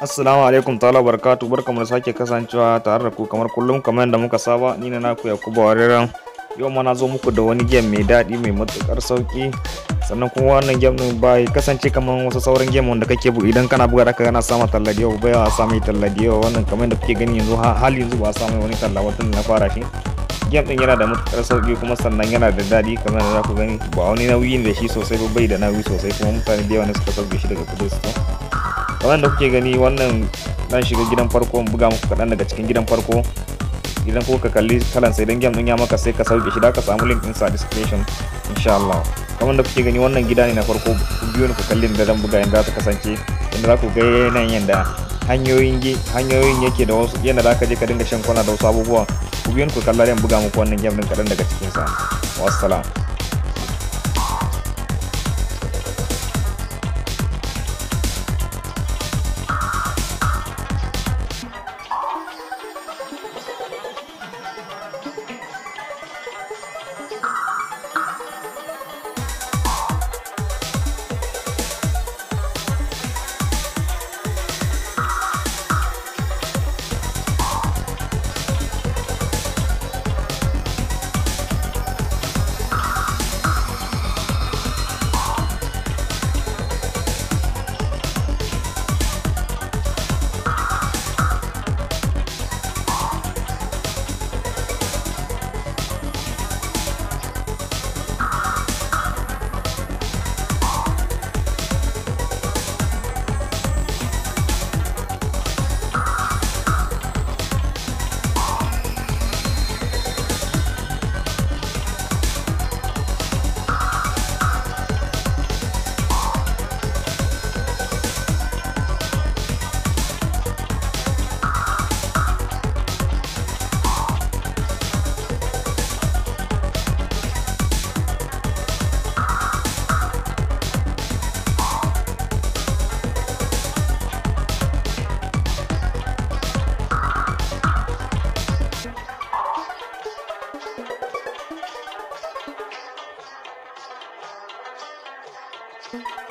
Assalamu alaikum ta'ala barkatu bar kamar sake kasancewa tare da ku kamar kullum kamar yadda muka saba ni na naku Yakubu Wararen yau ma na zo muku da wani game mai daɗi mai matukar sauki sannan kuma wannan game din ba ya kasance kamar wasu sauran game wanda kake bu idan kana buga zaka kana sama talla da yau bai a sami talladi yau wannan kamar da kuke gani yanzu hal yanzu ba a samu wani talla watan na fara shi game din yana da matukar sauki kuma sannan yana da daɗi kamar da za ku gani ba wani nauyi da shi sosai ba bai da nauyi sosai kuma mutane da yawa ne suka sauke shi daga kudu su kamar da kuke gani wannan dan shiga gidan farko buga muku kaɗan daga cikin gidan farko idan kuka kalli kalan sai idan game din ya maka sai ka sauke shi da ka samu link din sa description insha Allah kamar da kuke gani wannan gida ne na farko ku biyo ni ku kalli da zan buga yanda za ta kasance inda za ku ga yanayin yanda hanyoyin hanyoyin yake da wasu yanda za ka je ka dinga shan kwana da wasu abubuwa ku biyo ni ku kalla zan buga muku wannan game din kaɗan daga cikin sa wassalam Thank you.